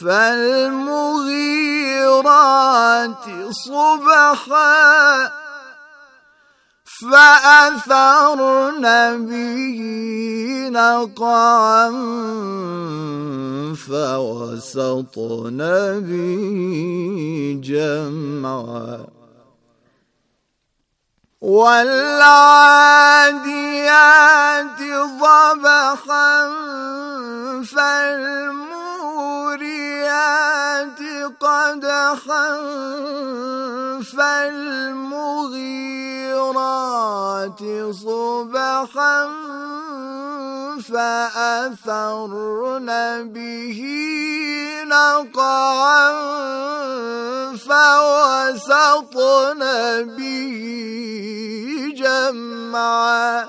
فالمغيرات صبحا فأثرن به نقعا فوسطن به جمعا والعاديات ضبحا فالموريات الآيات قدحا المغيرات صبحا فأثرن به نقعا فوسطن به جمعا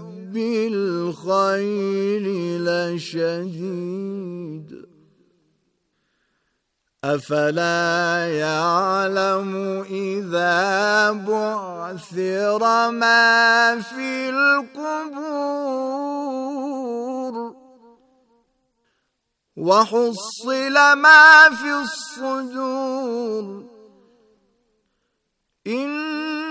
بالخير لشديد أفلا يعلم إذا بعثر ما في القبور وحصل ما في الصدور إن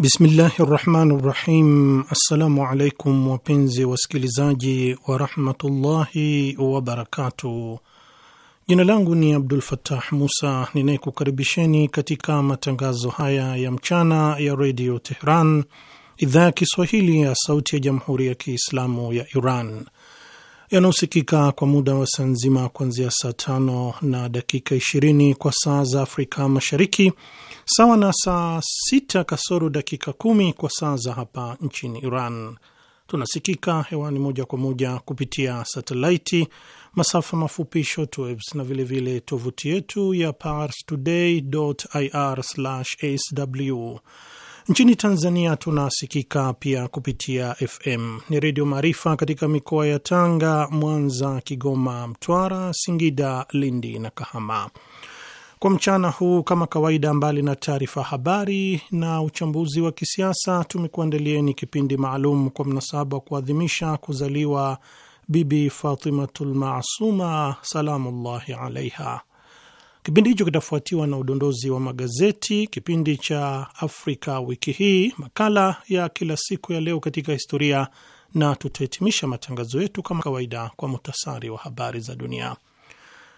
Bismillahi rahmani rahim. Assalamu alaikum wapenzi wasikilizaji warahmatullahi wabarakatuh. Jina langu ni Abdul fatah Musa ninayekukaribisheni katika matangazo haya ya mchana ya redio Tehran, idhaa ya Kiswahili ya sauti ya jamhuri ya Kiislamu ya Iran yanaosikika kwa muda wa saa nzima kuanzia saa tano na dakika 20 kwa saa za Afrika Mashariki, sawa na saa sita kasoro dakika kumi kwa saa za hapa nchini Iran. Tunasikika hewani moja kwa moja kupitia satelaiti, masafa mafupi shortwaves, na vilevile tovuti yetu ya parstoday.ir/sw. Nchini Tanzania tunasikika pia kupitia FM ni Redio Maarifa katika mikoa ya Tanga, Mwanza, Kigoma, Mtwara, Singida, Lindi na Kahama. Kwa mchana huu kama kawaida, mbali na taarifa habari na uchambuzi wa kisiasa, tumekuandalieni kipindi maalum kwa mnasaba wa kuadhimisha kuzaliwa Bibi Fatimatul Masuma salamullahi alaiha. Kipindi hicho kitafuatiwa na udondozi wa magazeti, kipindi cha Afrika wiki hii, makala ya kila siku ya leo katika historia, na tutahitimisha matangazo yetu kama kawaida kwa muhtasari wa habari za dunia.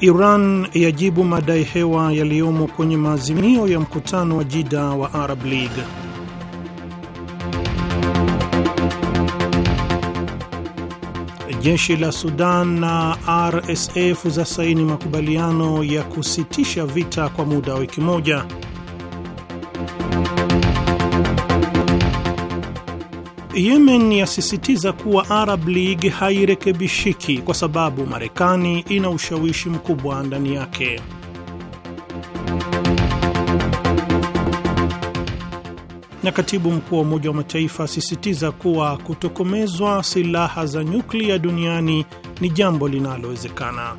Iran yajibu madai hewa yaliyomo kwenye maazimio ya mkutano wa Jida wa Arab League. Jeshi la Sudan na RSF za saini makubaliano ya kusitisha vita kwa muda wa wiki moja. Yemen yasisitiza kuwa Arab League hairekebishiki kwa sababu Marekani ina ushawishi mkubwa ndani yake. Na katibu mkuu wa Umoja wa Mataifa asisitiza kuwa kutokomezwa silaha za nyuklia duniani ni jambo linalowezekana.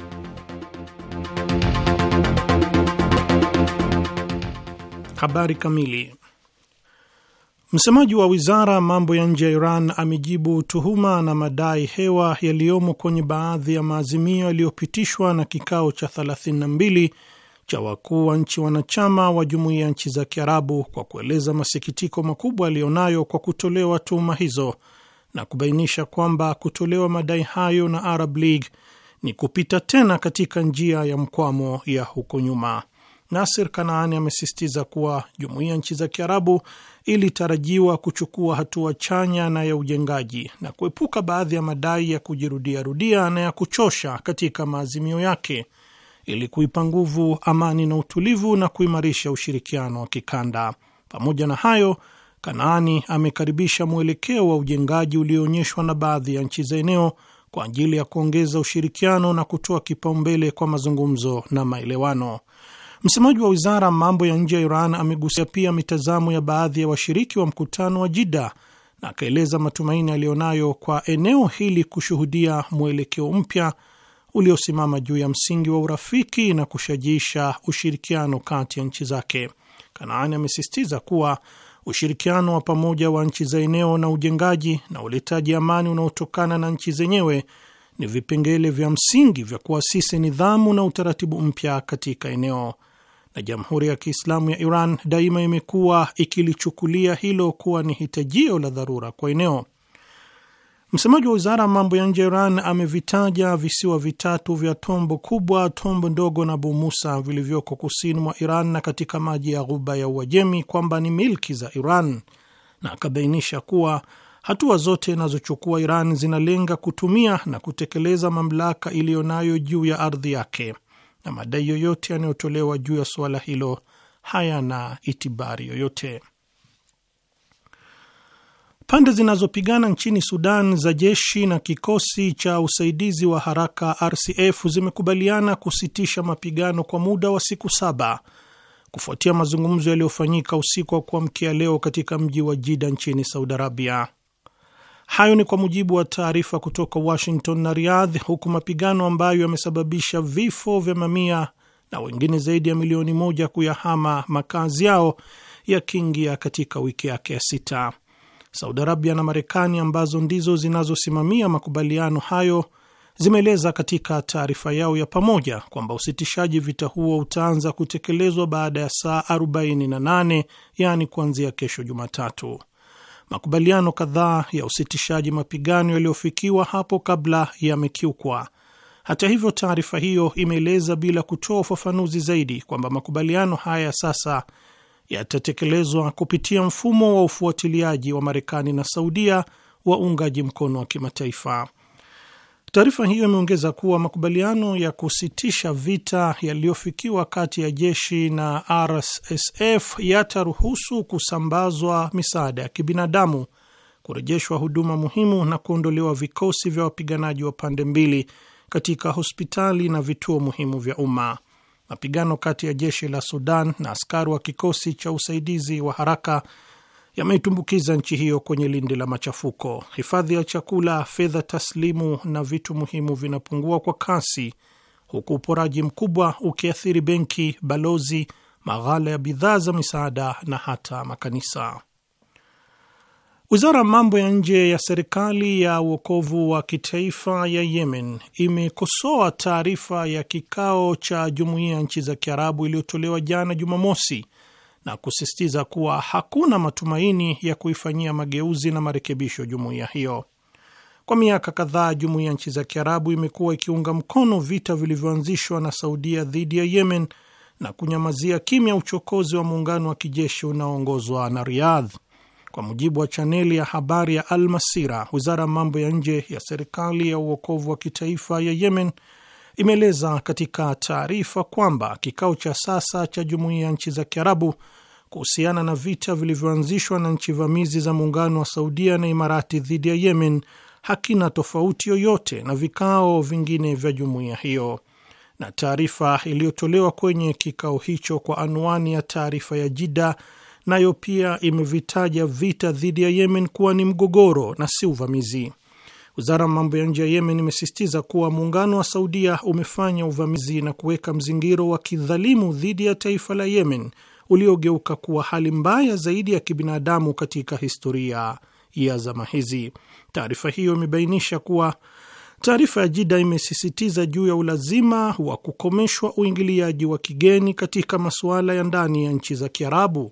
Habari kamili Msemaji wa wizara mambo ya nje ya Iran amejibu tuhuma na madai hewa yaliyomo kwenye baadhi ya maazimio yaliyopitishwa na kikao cha 32 cha wakuu wa nchi wanachama wa jumuiya ya nchi za Kiarabu kwa kueleza masikitiko makubwa aliyonayo kwa kutolewa tuhuma hizo na kubainisha kwamba kutolewa madai hayo na Arab League ni kupita tena katika njia ya mkwamo ya huko nyuma. Nasir Kanaani amesisitiza kuwa jumuiya ya nchi za Kiarabu ilitarajiwa kuchukua hatua chanya na ya ujengaji na kuepuka baadhi ya madai ya kujirudiarudia na ya kuchosha katika maazimio yake ili kuipa nguvu amani na utulivu na kuimarisha ushirikiano wa kikanda. Pamoja na hayo, Kanaani amekaribisha mwelekeo wa ujengaji ulioonyeshwa na baadhi ya nchi za eneo kwa ajili ya kuongeza ushirikiano na kutoa kipaumbele kwa mazungumzo na maelewano. Msemaji wa wizara mambo ya nje ya Iran amegusia pia mitazamo ya baadhi ya washiriki wa mkutano wa Jida na akaeleza matumaini aliyonayo kwa eneo hili kushuhudia mwelekeo mpya uliosimama juu ya msingi wa urafiki na kushajiisha ushirikiano kati ya nchi zake. Kanaani amesisitiza kuwa ushirikiano wa pamoja wa nchi za eneo na ujengaji na uletaji amani unaotokana na nchi zenyewe ni vipengele vya msingi vya kuasisi nidhamu na utaratibu mpya katika eneo na Jamhuri ya Kiislamu ya Iran daima imekuwa ikilichukulia hilo kuwa ni hitajio la dharura kwa eneo. Msemaji wa wizara ya mambo ya nje ya Iran amevitaja visiwa vitatu vya Tombo Kubwa, Tombo Ndogo na bu Musa vilivyoko kusini mwa Iran na katika maji ya Ghuba ya Uajemi kwamba ni milki za Iran na akabainisha kuwa hatua zote inazochukua Iran zinalenga kutumia na kutekeleza mamlaka iliyo nayo juu ya ardhi yake na madai yoyote yanayotolewa juu ya suala hilo hayana itibari yoyote. Pande zinazopigana nchini Sudan za jeshi na kikosi cha usaidizi wa haraka RCF zimekubaliana kusitisha mapigano kwa muda wa siku saba kufuatia mazungumzo yaliyofanyika usiku wa kuamkia leo katika mji wa Jida nchini Saudi Arabia. Hayo ni kwa mujibu wa taarifa kutoka Washington na Riyadh, huku mapigano ambayo yamesababisha vifo vya mamia na wengine zaidi ya milioni moja kuyahama makazi yao yakiingia katika wiki yake ya sita. Saudi Arabia na Marekani ambazo ndizo zinazosimamia makubaliano hayo zimeeleza katika taarifa yao ya pamoja kwamba usitishaji vita huo utaanza kutekelezwa baada ya saa 48 yaani kuanzia kesho Jumatatu. Makubaliano kadhaa ya usitishaji mapigano yaliyofikiwa hapo kabla yamekiukwa. Hata hivyo, taarifa hiyo imeeleza bila kutoa ufafanuzi zaidi kwamba makubaliano haya sasa yatatekelezwa kupitia mfumo wa ufuatiliaji wa Marekani na Saudia wa uungaji mkono wa kimataifa. Taarifa hiyo imeongeza kuwa makubaliano ya kusitisha vita yaliyofikiwa kati ya jeshi na RSF yataruhusu kusambazwa misaada ya kibinadamu, kurejeshwa huduma muhimu na kuondolewa vikosi vya wapiganaji wa pande mbili katika hospitali na vituo muhimu vya umma. Mapigano kati ya jeshi la Sudan na askari wa kikosi cha usaidizi wa haraka yameitumbukiza nchi hiyo kwenye lindi la machafuko. Hifadhi ya chakula, fedha taslimu na vitu muhimu vinapungua kwa kasi, huku uporaji mkubwa ukiathiri benki, balozi, maghala ya bidhaa za misaada na hata makanisa. Wizara ya mambo ya nje ya serikali ya uokovu wa kitaifa ya Yemen imekosoa taarifa ya kikao cha jumuiya ya nchi za Kiarabu iliyotolewa jana Jumamosi na kusisitiza kuwa hakuna matumaini ya kuifanyia mageuzi na marekebisho jumuiya hiyo. Kwa miaka kadhaa, jumuiya ya nchi za Kiarabu imekuwa ikiunga mkono vita vilivyoanzishwa na Saudia dhidi ya Yemen na kunyamazia kimya uchokozi wa muungano wa kijeshi unaoongozwa na Riyadh. Kwa mujibu wa chaneli ya habari ya Al Masira, wizara ya mambo ya nje ya serikali ya uokovu wa kitaifa ya Yemen imeeleza katika taarifa kwamba kikao cha sasa cha Jumuiya ya Nchi za Kiarabu kuhusiana na vita vilivyoanzishwa na nchi vamizi za muungano wa Saudia na Imarati dhidi ya Yemen hakina tofauti yoyote na vikao vingine vya jumuiya hiyo. Na taarifa iliyotolewa kwenye kikao hicho kwa anwani ya taarifa ya Jida nayo pia imevitaja vita dhidi ya Yemen kuwa ni mgogoro na si uvamizi. Wizara ya mambo ya nje ya Yemen imesisitiza kuwa muungano wa Saudia umefanya uvamizi na kuweka mzingiro wa kidhalimu dhidi ya taifa la Yemen uliogeuka kuwa hali mbaya zaidi ya kibinadamu katika historia ya zama hizi. Taarifa hiyo imebainisha kuwa taarifa ya Jida imesisitiza juu ya ulazima wa kukomeshwa uingiliaji wa kigeni katika masuala ya ndani ya nchi za Kiarabu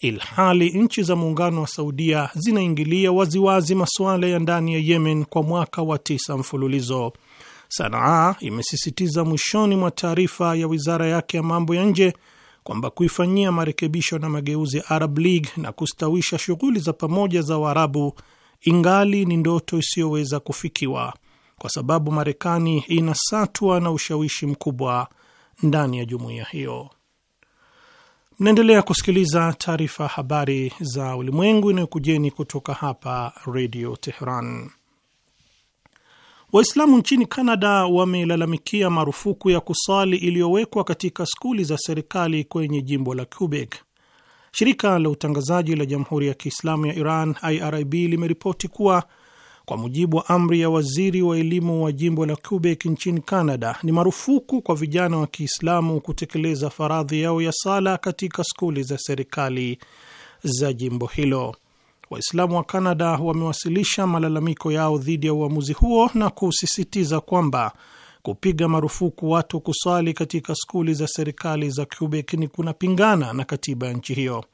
ilhali nchi za muungano wa Saudia zinaingilia waziwazi masuala ya ndani ya Yemen kwa mwaka wa tisa mfululizo. Sanaa imesisitiza mwishoni mwa taarifa ya wizara yake ya mambo ya nje kwamba kuifanyia marekebisho na mageuzi ya Arab League na kustawisha shughuli za pamoja za Waarabu ingali ni ndoto isiyoweza kufikiwa kwa sababu Marekani inasatwa na ushawishi mkubwa ndani ya jumuiya hiyo. Mnaendelea kusikiliza taarifa ya habari za ulimwengu inayokujeni kutoka hapa redio Teheran. Waislamu nchini Kanada wamelalamikia marufuku ya kusali iliyowekwa katika skuli za serikali kwenye jimbo la Quebec. Shirika la utangazaji la Jamhuri ya Kiislamu ya Iran, IRIB, limeripoti kuwa kwa mujibu wa amri ya waziri wa elimu wa jimbo la Quebec nchini Canada, ni marufuku kwa vijana wa Kiislamu kutekeleza faradhi yao ya sala katika skuli za serikali za jimbo hilo. Waislamu wa canada wamewasilisha malalamiko yao dhidi ya uamuzi huo na kusisitiza kwamba kupiga marufuku watu kusali katika skuli za serikali za Quebec ni kunapingana na katiba ya nchi hiyo.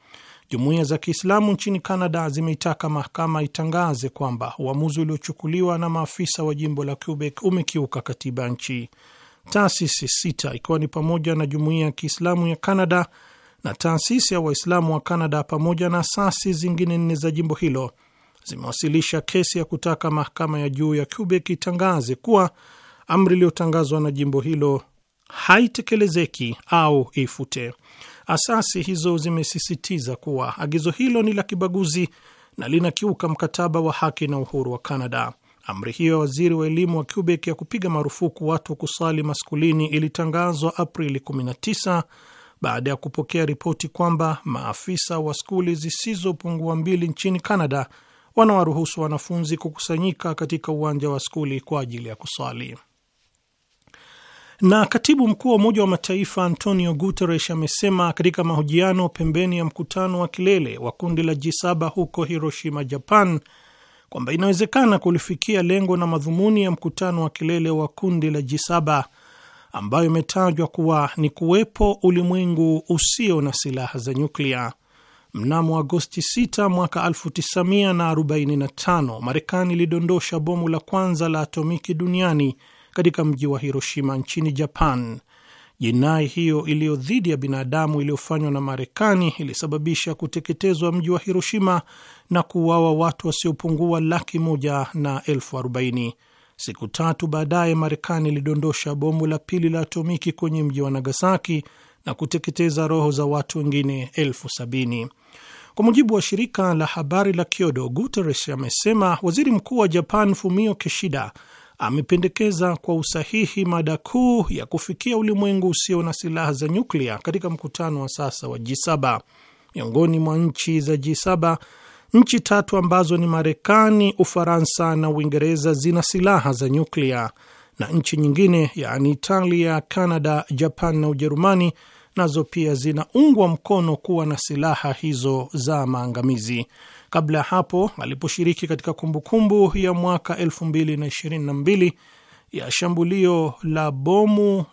Jumuiya za Kiislamu nchini Canada zimeitaka mahakama itangaze kwamba uamuzi uliochukuliwa na maafisa wa jimbo la Quebec umekiuka katiba nchi. Taasisi sita ikiwa ni pamoja na Jumuiya ya Kiislamu ya Canada na taasisi ya Waislamu wa Canada pamoja na asasi zingine nne za jimbo hilo zimewasilisha kesi ya kutaka mahakama ya juu ya Quebec itangaze kuwa amri iliyotangazwa na jimbo hilo haitekelezeki au ifute. Asasi hizo zimesisitiza kuwa agizo hilo ni la kibaguzi na linakiuka mkataba wa haki na uhuru wa canada Amri hiyo ya waziri wa elimu wa Quebec ya kupiga marufuku watu wa kusali maskulini ilitangazwa Aprili 19 baada ya kupokea ripoti kwamba maafisa wa skuli zisizopungua mbili nchini canada wanawaruhusu wanafunzi kukusanyika katika uwanja wa skuli kwa ajili ya kusali. Na katibu mkuu wa Umoja wa Mataifa Antonio Guterres amesema katika mahojiano pembeni ya mkutano wa kilele wa kundi la G7 huko Hiroshima, Japan, kwamba inawezekana kulifikia lengo na madhumuni ya mkutano wa kilele wa kundi la G7 ambayo imetajwa kuwa ni kuwepo ulimwengu usio na silaha za nyuklia. Mnamo Agosti 6 mwaka 1945 Marekani ilidondosha bomu la kwanza la atomiki duniani katika mji wa Hiroshima nchini Japan. Jinai hiyo iliyo dhidi ya binadamu iliyofanywa na Marekani ilisababisha kuteketezwa mji wa Hiroshima na kuuawa watu wasiopungua laki moja na elfu arobaini. Siku tatu baadaye, Marekani ilidondosha bomu la pili la atomiki kwenye mji wa Nagasaki na kuteketeza roho za watu wengine elfu sabini. Kwa mujibu wa shirika la habari la Kyodo, Guterres amesema waziri mkuu wa Japan Fumio Kishida amependekeza kwa usahihi mada kuu ya kufikia ulimwengu usio na silaha za nyuklia katika mkutano wa sasa wa G7. Miongoni mwa nchi za G7, nchi tatu ambazo ni Marekani, Ufaransa na Uingereza zina silaha za nyuklia na nchi nyingine yaani Italia, canada Japan na Ujerumani nazo pia zinaungwa mkono kuwa na silaha hizo za maangamizi. Kabla ya hapo aliposhiriki katika kumbukumbu ya mwaka 2022 ya shambulio la bomu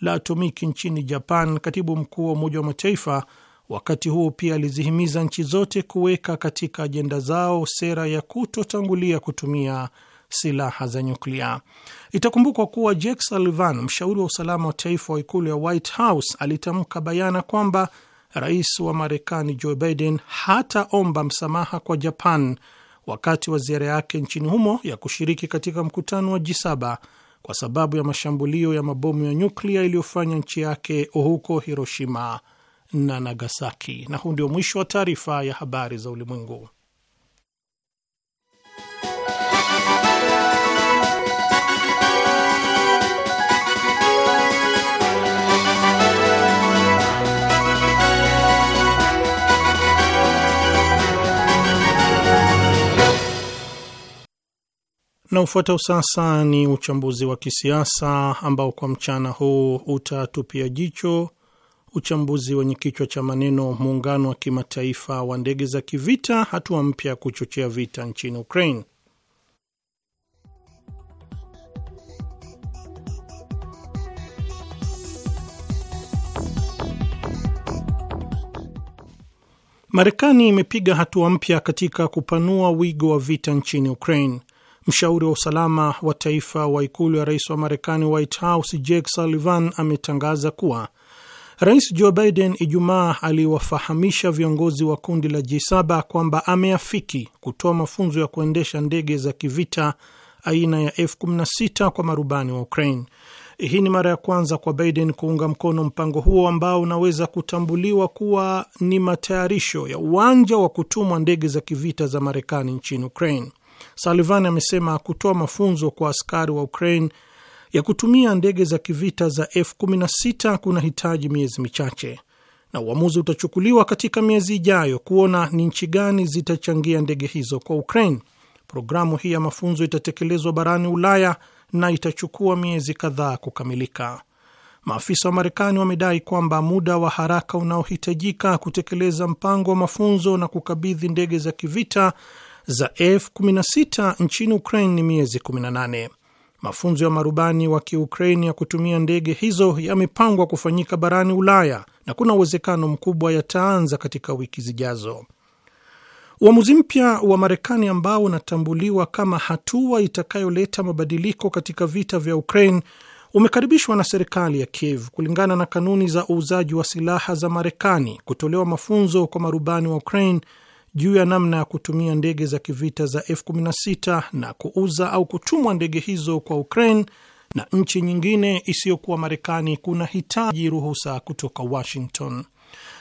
la atomiki nchini Japan, katibu mkuu wa Umoja wa Mataifa wakati huo pia alizihimiza nchi zote kuweka katika ajenda zao sera ya kutotangulia kutumia silaha za nyuklia. Itakumbukwa kuwa Jake Sullivan, mshauri wa usalama wa taifa wa ikulu ya White House, alitamka bayana kwamba rais wa Marekani Joe Biden hataomba msamaha kwa Japan wakati wa ziara yake nchini humo ya kushiriki katika mkutano wa G7 kwa sababu ya mashambulio ya mabomu ya nyuklia iliyofanya nchi yake huko Hiroshima na Nagasaki. Na huu ndio mwisho wa taarifa ya habari za ulimwengu. Na ufuatao sasa ni uchambuzi wa kisiasa ambao kwa mchana huu utatupia jicho uchambuzi wenye kichwa cha maneno muungano wa kimataifa wa ndege za kivita, hatua mpya ya kuchochea vita nchini Ukraine. Marekani imepiga hatua mpya katika kupanua wigo wa vita nchini Ukraine. Mshauri wa usalama wa taifa wa ikulu ya rais wa Marekani, White House, Jake Sullivan ametangaza kuwa Rais Joe Biden Ijumaa aliwafahamisha viongozi wa kundi la G7 kwamba ameafiki kutoa mafunzo ya kuendesha ndege za kivita aina ya F16 kwa marubani wa Ukraine. Hii ni mara ya kwanza kwa Biden kuunga mkono mpango huo ambao unaweza kutambuliwa kuwa ni matayarisho ya uwanja wa kutumwa ndege za kivita za Marekani nchini Ukraine. Sullivan amesema kutoa mafunzo kwa askari wa Ukraine ya kutumia ndege za kivita za F-16 kunahitaji miezi michache na uamuzi utachukuliwa katika miezi ijayo kuona ni nchi gani zitachangia ndege hizo kwa Ukraine. Programu hii ya mafunzo itatekelezwa barani Ulaya na itachukua miezi kadhaa kukamilika. Maafisa wa Marekani wamedai kwamba muda wa haraka unaohitajika kutekeleza mpango wa mafunzo na kukabidhi ndege za kivita za F16 nchini Ukraine ni miezi 18. Mafunzo ya marubani wa Kiukraini ya kutumia ndege hizo yamepangwa kufanyika barani Ulaya na kuna uwezekano mkubwa yataanza katika wiki zijazo. Uamuzi mpya wa Marekani ambao unatambuliwa kama hatua itakayoleta mabadiliko katika vita vya Ukraine umekaribishwa na serikali ya Kiev. Kulingana na kanuni za uuzaji wa silaha za Marekani, kutolewa mafunzo kwa marubani wa Ukraine juu ya namna ya kutumia ndege za kivita za F-16 na kuuza au kutumwa ndege hizo kwa Ukraine na nchi nyingine isiyokuwa Marekani kuna hitaji ruhusa kutoka Washington.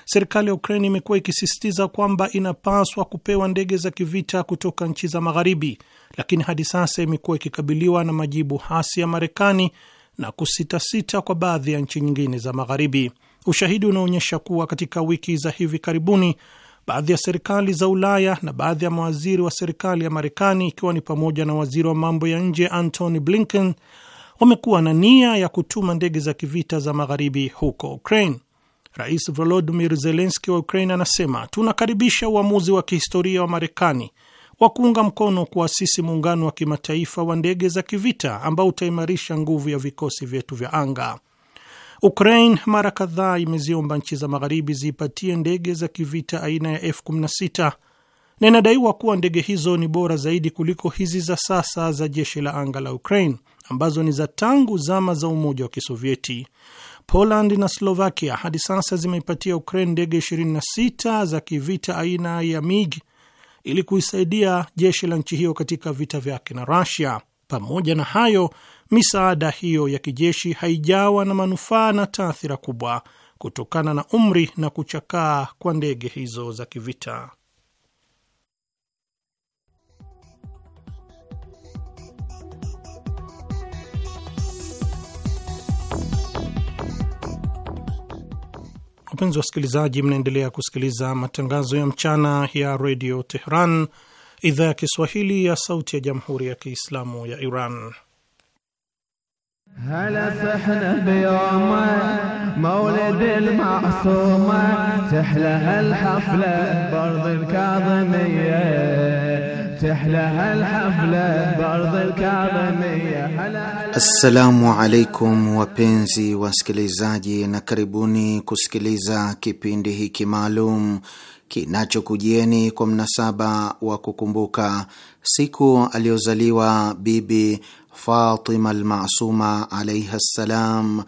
Serikali ya Ukraine imekuwa ikisisitiza kwamba inapaswa kupewa ndege za kivita kutoka nchi za Magharibi, lakini hadi sasa imekuwa ikikabiliwa na majibu hasi ya Marekani na kusitasita kwa baadhi ya nchi nyingine za Magharibi. Ushahidi unaonyesha kuwa katika wiki za hivi karibuni baadhi ya serikali za Ulaya na baadhi ya mawaziri wa serikali ya Marekani, ikiwa ni pamoja na waziri wa mambo ya nje Antony Blinken, wamekuwa na nia ya kutuma ndege za kivita za magharibi huko Ukraine. Rais Volodimir Zelenski wa Ukraine anasema tunakaribisha uamuzi wa kihistoria wa Marekani wa kuunga mkono kuasisi muungano wa kimataifa wa ndege za kivita ambao utaimarisha nguvu ya vikosi vyetu vya anga. Ukraine mara kadhaa imeziomba nchi za magharibi ziipatie ndege za kivita aina ya F-16 na inadaiwa kuwa ndege hizo ni bora zaidi kuliko hizi za sasa za jeshi la anga la Ukraine ambazo ni za tangu zama za Umoja wa Kisovieti. Poland na Slovakia hadi sasa zimeipatia Ukraine ndege 26 za kivita aina ya MiG ili kuisaidia jeshi la nchi hiyo katika vita vyake na Russia. Pamoja na hayo misaada hiyo ya kijeshi haijawa na manufaa na taathira kubwa kutokana na umri na kuchakaa kwa ndege hizo za kivita. Wapenzi wasikilizaji, mnaendelea kusikiliza matangazo ya mchana ya redio Tehran, idhaa ya Kiswahili ya sauti ya jamhuri ya Kiislamu ya Iran. هلا صحنا بيوم مولد المعصومة تحلى هالحفلة برض الكاظمية تحلى هالحفلة برض الكاظمية السلام عليكم وبينزي wasikilizaji نكربوني karibuni kusikiliza kipindi معلوم kinachokujieni kwa mnasaba wa kukumbuka siku aliyozaliwa Bibi Fatima Almasuma alaihi ssalam,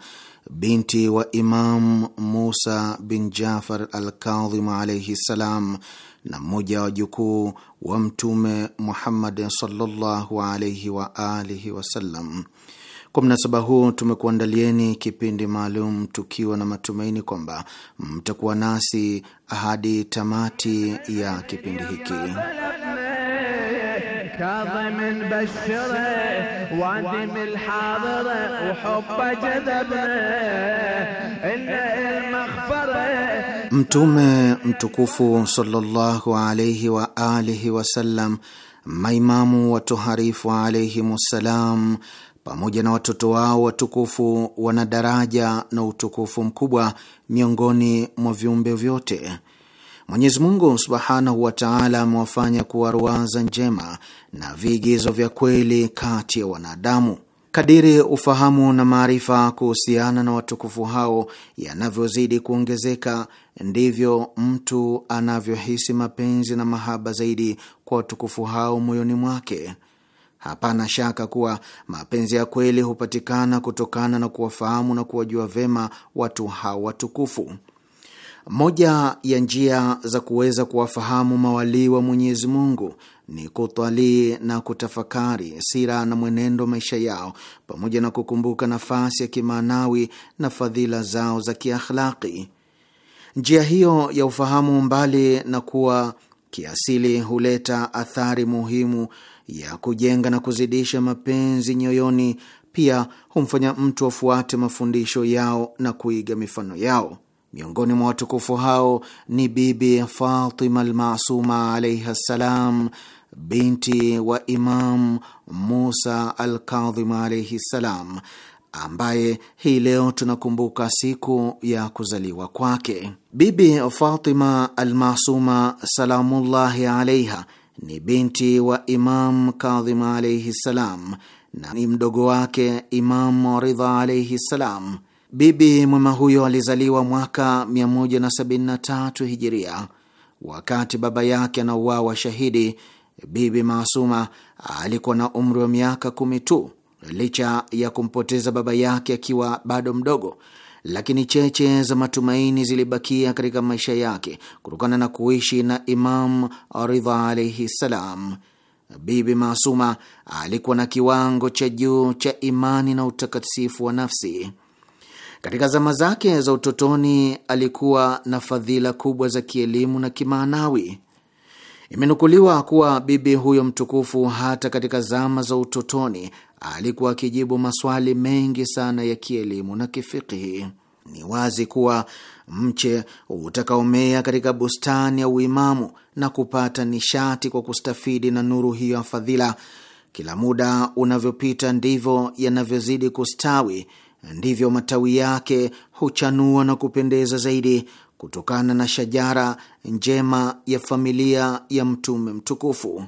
binti wa Imam Musa bin Jafar Alkadhim alaihi ssalam, na mmoja wa jukuu wa Mtume Muhammad sallallahu alaihi waalihi wasallam. Kwa mnasaba huu tumekuandalieni kipindi maalum tukiwa na matumaini kwamba mtakuwa nasi hadi tamati ya kipindi hiki. Mtume mtukufu sallallahu alaihi wa alihi wasallam, maimamu watoharifu alaihimu wassalam pamoja na watoto wao watukufu wana daraja na utukufu mkubwa miongoni mwa viumbe vyote. Mwenyezi Mungu subhanahu wa taala amewafanya kuwa ruwaza njema na viigizo vya kweli kati ya wanadamu. Kadiri ufahamu na maarifa kuhusiana na watukufu hao yanavyozidi kuongezeka, ndivyo mtu anavyohisi mapenzi na mahaba zaidi kwa watukufu hao moyoni mwake. Hapana shaka kuwa mapenzi ya kweli hupatikana kutokana na kuwafahamu na kuwajua vema watu hawa watukufu. Moja ya njia za kuweza kuwafahamu mawalii wa Mwenyezi Mungu ni kutwalii na kutafakari sira na mwenendo maisha yao, pamoja na kukumbuka nafasi ya kimaanawi na fadhila zao za kiakhlaki. Njia hiyo ya ufahamu, mbali na kuwa kiasili, huleta athari muhimu ya kujenga na kuzidisha mapenzi nyoyoni. Pia humfanya mtu afuate mafundisho yao na kuiga mifano yao. Miongoni mwa watukufu hao ni Bibi Fatima Almasuma alaihi ssalam, binti wa Imam Musa Alkadhim alaihi ssalam, ambaye hii leo tunakumbuka siku ya kuzaliwa kwake. Bibi Fatima Almasuma salamullahi alaiha ni binti wa Imam Kadhim alaihi ssalam na ni mdogo wake Imam Ridha alaihi ssalam. Bibi mwema huyo alizaliwa mwaka 173 hijiria. Wakati baba yake anauawa shahidi, Bibi Maasuma alikuwa na umri wa miaka kumi tu. Licha ya kumpoteza baba yake akiwa bado mdogo, lakini cheche za matumaini zilibakia katika maisha yake kutokana na kuishi na Imam Ridha alaihi ssalam. Bibi Maasuma alikuwa na kiwango cha juu cha imani na utakatifu wa nafsi. Katika zama zake za utotoni alikuwa na fadhila kubwa za kielimu na kimaanawi. Imenukuliwa kuwa bibi huyo mtukufu hata katika zama za utotoni alikuwa akijibu maswali mengi sana ya kielimu na kifikihi. Ni wazi kuwa mche utakaomea katika bustani ya uimamu na kupata nishati kwa kustafidi na nuru hiyo ya fadhila, kila muda unavyopita ndivyo yanavyozidi kustawi, ndivyo matawi yake huchanua na kupendeza zaidi kutokana na shajara njema ya familia ya Mtume mtukufu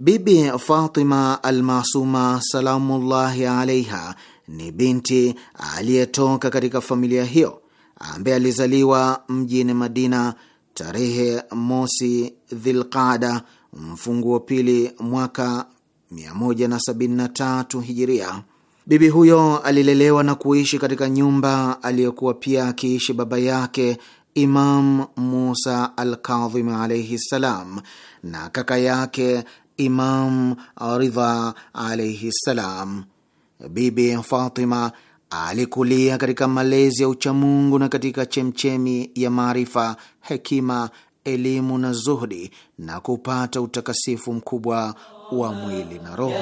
Bibi Fatima Almasuma salamullahi alaiha ni binti aliyetoka katika familia hiyo ambaye alizaliwa mjini Madina tarehe mosi Dhilqada mfunguo pili mwaka 173 hijiria. Bibi huyo alilelewa na kuishi katika nyumba aliyokuwa pia akiishi baba yake Imam Musa Alkadhim alaihi ssalam na kaka yake Imam Ridha alaihi ssalam. Bibi Fatima alikulia katika malezi ya uchamungu na katika chemchemi ya maarifa, hekima, elimu na zuhdi na kupata utakasifu mkubwa wa mwili na roho.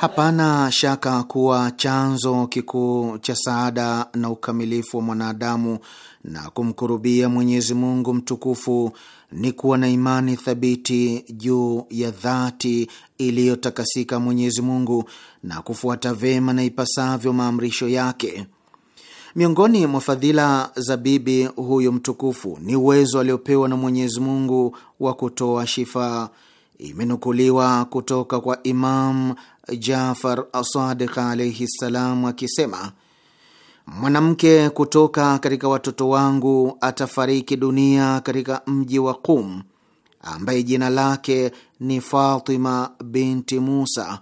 Hapana shaka kuwa chanzo kikuu cha saada na ukamilifu wa mwanadamu na kumkurubia Mwenyezi Mungu mtukufu ni kuwa na imani thabiti juu ya dhati iliyotakasika Mwenyezi Mungu na kufuata vema na ipasavyo maamrisho yake. Miongoni mwa fadhila za bibi huyo mtukufu ni uwezo aliopewa na Mwenyezi Mungu wa kutoa shifaa. Imenukuliwa kutoka kwa Imam Jafar Sadiq alaihi ssalam akisema, mwanamke kutoka katika watoto wangu atafariki dunia katika mji wa Qum, ambaye jina lake ni Fatima binti Musa.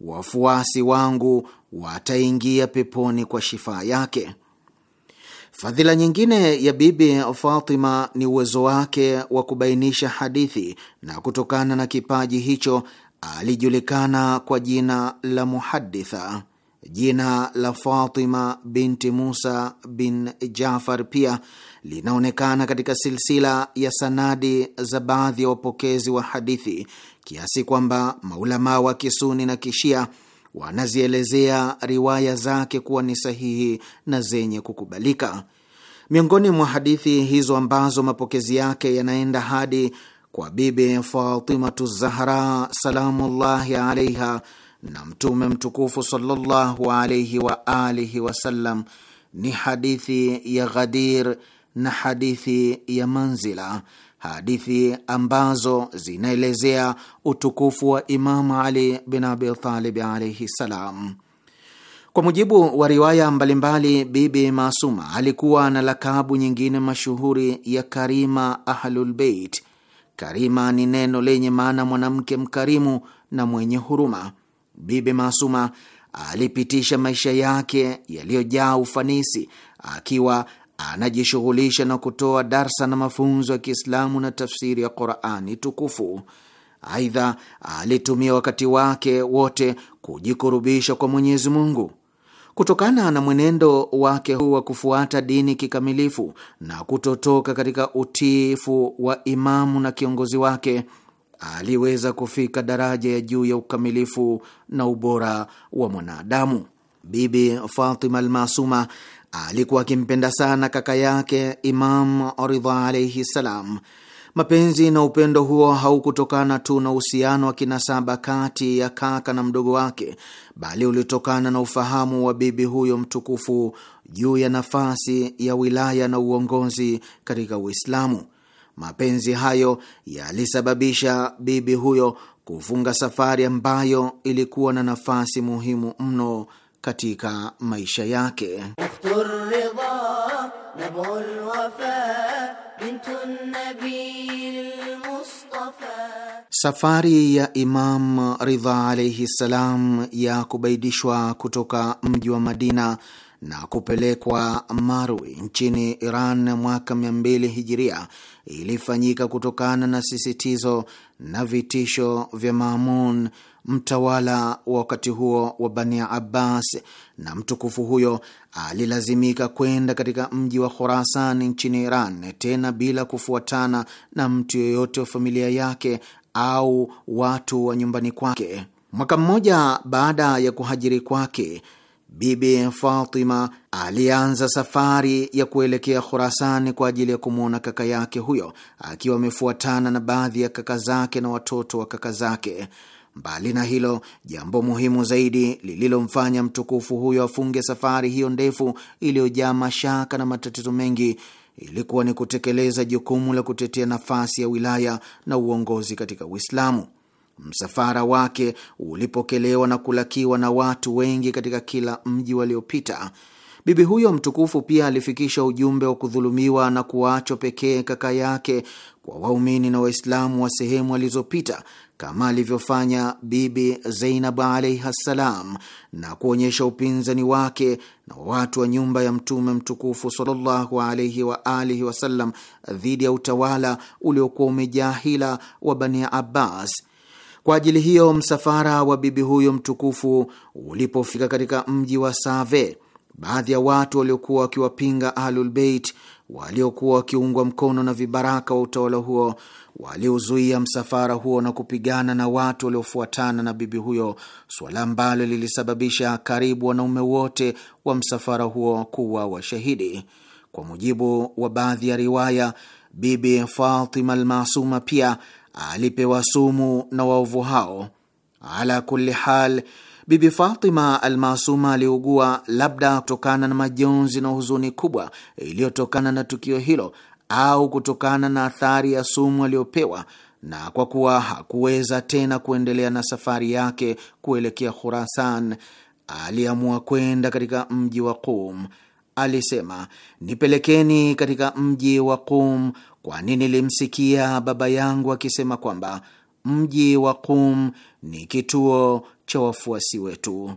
Wafuasi wangu wataingia peponi kwa shifaa yake. Fadhila nyingine ya Bibi Fatima ni uwezo wake wa kubainisha hadithi, na kutokana na kipaji hicho alijulikana kwa jina la Muhaditha. Jina la Fatima binti Musa bin Jafar pia linaonekana katika silsila ya sanadi za baadhi ya wapokezi wa hadithi kiasi kwamba maulamaa wa Kisuni na Kishia wanazielezea riwaya zake kuwa ni sahihi na zenye kukubalika. Miongoni mwa hadithi hizo ambazo mapokezi yake yanaenda hadi kwa Bibi Fatimatu Zahra salamullahi alaiha na Mtume mtukufu sallallahu alaihi wa alihi wasallam ni hadithi ya Ghadir na hadithi ya Manzila, hadithi ambazo zinaelezea utukufu wa Imamu Ali bin Abitalib alaihi salam. Kwa mujibu wa riwaya mbalimbali, Bibi Masuma alikuwa na lakabu nyingine mashuhuri ya Karima Ahlulbeit Karima ni neno lenye maana mwanamke mkarimu na mwenye huruma. Bibi Maasuma alipitisha maisha yake yaliyojaa ufanisi akiwa anajishughulisha na kutoa darsa na mafunzo ya Kiislamu na tafsiri ya Qurani Tukufu. Aidha, alitumia wakati wake wote kujikurubisha kwa Mwenyezi Mungu. Kutokana na mwenendo wake huu wa kufuata dini kikamilifu na kutotoka katika utiifu wa imamu na kiongozi wake, aliweza kufika daraja ya juu ya ukamilifu na ubora wa mwanadamu. Bibi Fatima Almasuma alikuwa akimpenda sana kaka yake Imam Ridha alaihi ssalam Mapenzi na upendo huo haukutokana tu na uhusiano wa kinasaba kati ya kaka na mdogo wake, bali ulitokana na ufahamu wa bibi huyo mtukufu juu ya nafasi ya wilaya na uongozi katika Uislamu. Mapenzi hayo yalisababisha bibi huyo kufunga safari ambayo ilikuwa na nafasi muhimu mno katika maisha yake. Safari ya Imam Ridha alaihi salam ya kubaidishwa kutoka mji wa Madina na kupelekwa Marwi nchini Iran mwaka 200 hijiria ilifanyika kutokana na sisitizo na vitisho vya Mamun mtawala wa wakati huo wa Bani Abbas, na mtukufu huyo alilazimika kwenda katika mji wa Khorasani nchini Iran, tena bila kufuatana na mtu yoyote wa familia yake au watu wa nyumbani kwake. Mwaka mmoja baada ya kuhajiri kwake, Bibi Fatima alianza safari ya kuelekea Khurasani kwa ajili ya kumwona kaka yake huyo, akiwa amefuatana na baadhi ya kaka zake na watoto wa kaka zake. Mbali na hilo, jambo muhimu zaidi lililomfanya mtukufu huyo afunge safari hiyo ndefu iliyojaa mashaka na matatizo mengi ilikuwa ni kutekeleza jukumu la kutetea nafasi ya wilaya na uongozi katika Uislamu. Msafara wake ulipokelewa na kulakiwa na watu wengi katika kila mji waliopita. Bibi huyo mtukufu pia alifikisha ujumbe wa kudhulumiwa na kuachwa pekee kaka yake kwa waumini na Waislamu wa sehemu alizopita kama alivyofanya Bibi zeinab alaihi ssalam, na kuonyesha upinzani wake na watu wa nyumba ya Mtume mtukufu sallallahu alaihi wa alihi wasallam dhidi ya utawala uliokuwa umejahila wa Bani Abbas. Kwa ajili hiyo, msafara wa bibi huyo mtukufu ulipofika katika mji wa Save, baadhi ya watu waliokuwa wakiwapinga Ahlulbeit waliokuwa wakiungwa mkono na vibaraka wa utawala huo waliuzuia msafara huo na kupigana na watu waliofuatana na bibi huyo, suala ambalo lilisababisha karibu wanaume wote wa msafara huo kuwa washahidi. Kwa mujibu wa baadhi ya riwaya, Bibi Fatima Almasuma pia alipewa sumu na waovu hao. Ala kulli hal, Bibi Fatima Almasuma aliugua, labda kutokana na majonzi na huzuni kubwa iliyotokana na tukio hilo, au kutokana na athari ya sumu aliyopewa, na kwa kuwa hakuweza tena kuendelea na safari yake kuelekea Khurasan, aliamua kwenda katika mji wa Qum. Alisema, nipelekeni katika mji wa Qum, kwani nilimsikia baba yangu akisema kwamba mji wa Qum ni kituo cha wafuasi wetu.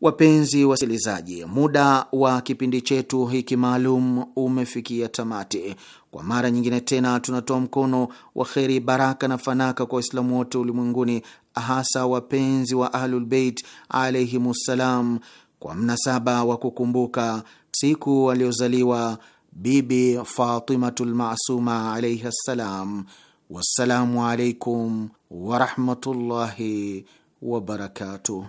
Wapenzi wasikilizaji, muda wa kipindi chetu hiki maalum umefikia tamati. Kwa mara nyingine tena tunatoa mkono wa kheri, baraka na fanaka kwa Waislamu wote ulimwenguni, hasa wapenzi wa Ahlulbeit alaihimussalam, kwa mnasaba wa kukumbuka siku aliozaliwa Bibi Fatimatul Masuma alaihi ssalam. Wassalamu alaikum warahmatullahi wabarakatuh.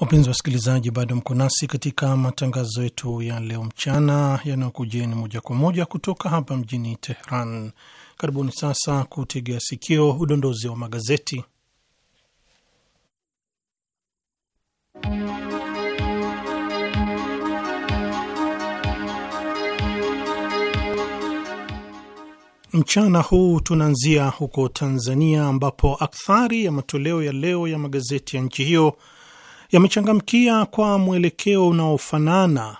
Wapenzi wasikilizaji, bado mko nasi katika matangazo yetu ya leo mchana yanayokujeni moja kwa moja kutoka hapa mjini Tehran. Karibuni sasa kutegea sikio udondozi wa magazeti. Mchana huu tunaanzia huko Tanzania ambapo akthari ya matoleo ya leo ya magazeti ya nchi hiyo yamechangamkia kwa mwelekeo unaofanana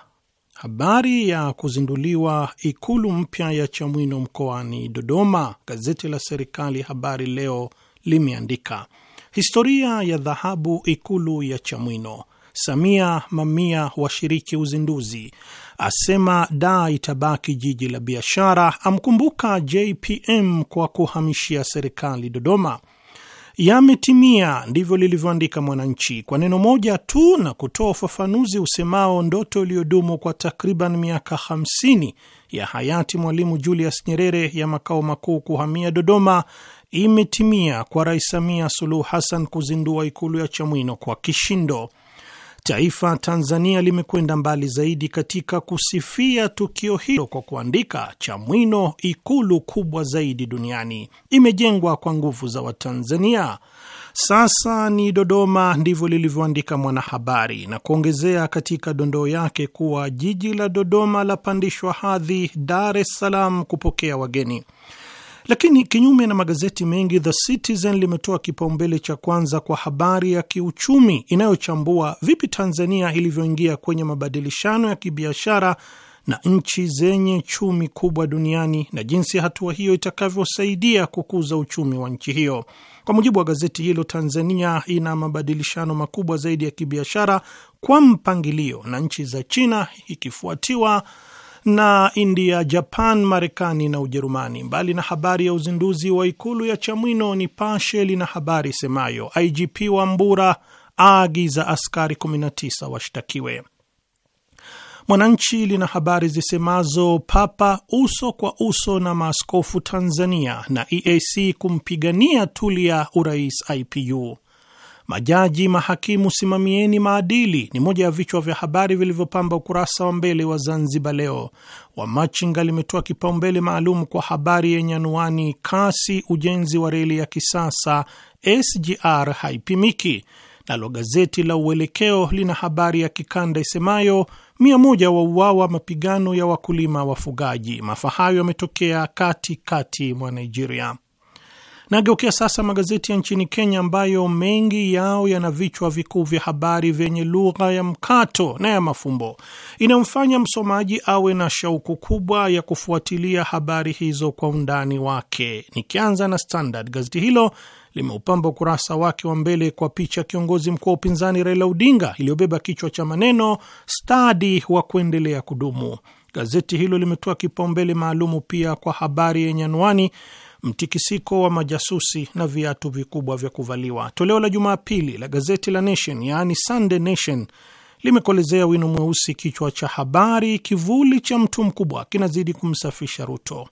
habari ya kuzinduliwa ikulu mpya ya Chamwino mkoani Dodoma. Gazeti la serikali Habari Leo limeandika historia ya dhahabu ikulu ya Chamwino, Samia mamia washiriki uzinduzi, asema da itabaki jiji la biashara, amkumbuka JPM kwa kuhamishia serikali Dodoma. Yametimia, ndivyo lilivyoandika Mwananchi kwa neno moja tu na kutoa ufafanuzi usemao ndoto iliyodumu kwa takriban miaka 50 ya hayati Mwalimu Julius Nyerere ya makao makuu kuhamia Dodoma imetimia kwa Rais Samia Suluhu Hassan kuzindua ikulu ya Chamwino kwa kishindo. Taifa Tanzania limekwenda mbali zaidi katika kusifia tukio hilo kwa kuandika, Chamwino ikulu kubwa zaidi duniani imejengwa kwa nguvu za Watanzania, sasa ni Dodoma. Ndivyo lilivyoandika Mwanahabari na kuongezea katika dondoo yake kuwa jiji la Dodoma lapandishwa hadhi, Dar es Salaam kupokea wageni. Lakini kinyume na magazeti mengi, The Citizen limetoa kipaumbele cha kwanza kwa habari ya kiuchumi inayochambua vipi Tanzania ilivyoingia kwenye mabadilishano ya kibiashara na nchi zenye chumi kubwa duniani na jinsi hatua hiyo itakavyosaidia kukuza uchumi wa nchi hiyo. Kwa mujibu wa gazeti hilo, Tanzania ina mabadilishano makubwa zaidi ya kibiashara kwa mpangilio na nchi za China ikifuatiwa na India, Japan, Marekani na Ujerumani. Mbali na habari ya uzinduzi wa ikulu ya Chamwino, Nipashe lina habari semayo IGP Wambura aagiza askari 19 washtakiwe. Mwananchi lina habari zisemazo Papa uso kwa uso na maaskofu Tanzania na EAC kumpigania Tulia urais IPU. Majaji, mahakimu, simamieni maadili ni moja ya vichwa vya habari vilivyopamba ukurasa wa mbele wa Zanzibar Leo. Wamachinga limetoa kipaumbele maalum kwa habari yenye anuani kasi ujenzi wa reli ya kisasa SGR haipimiki. Nalo gazeti la Uelekeo lina habari ya kikanda isemayo mia moja wauawa mapigano ya wakulima wafugaji. Maafa hayo yametokea katikati mwa Nigeria. Nageukia sasa magazeti ya nchini Kenya ambayo mengi yao yana vichwa vikuu vya habari vyenye lugha ya mkato na ya mafumbo inayomfanya msomaji awe na shauku kubwa ya kufuatilia habari hizo kwa undani wake. Nikianza na Standard, gazeti hilo limeupamba ukurasa wake wa mbele kwa picha kiongozi mkuu wa upinzani Raila Odinga iliyobeba kichwa cha maneno stadi wa kuendelea kudumu. Gazeti hilo limetoa kipaumbele maalumu pia kwa habari yenye anwani mtikisiko wa majasusi na viatu vikubwa vya kuvaliwa. Toleo la Jumapili la gazeti la Nation yaani Sunday Nation limekolezea wino mweusi kichwa cha habari, kivuli cha mtu mkubwa kinazidi kumsafisha Ruto.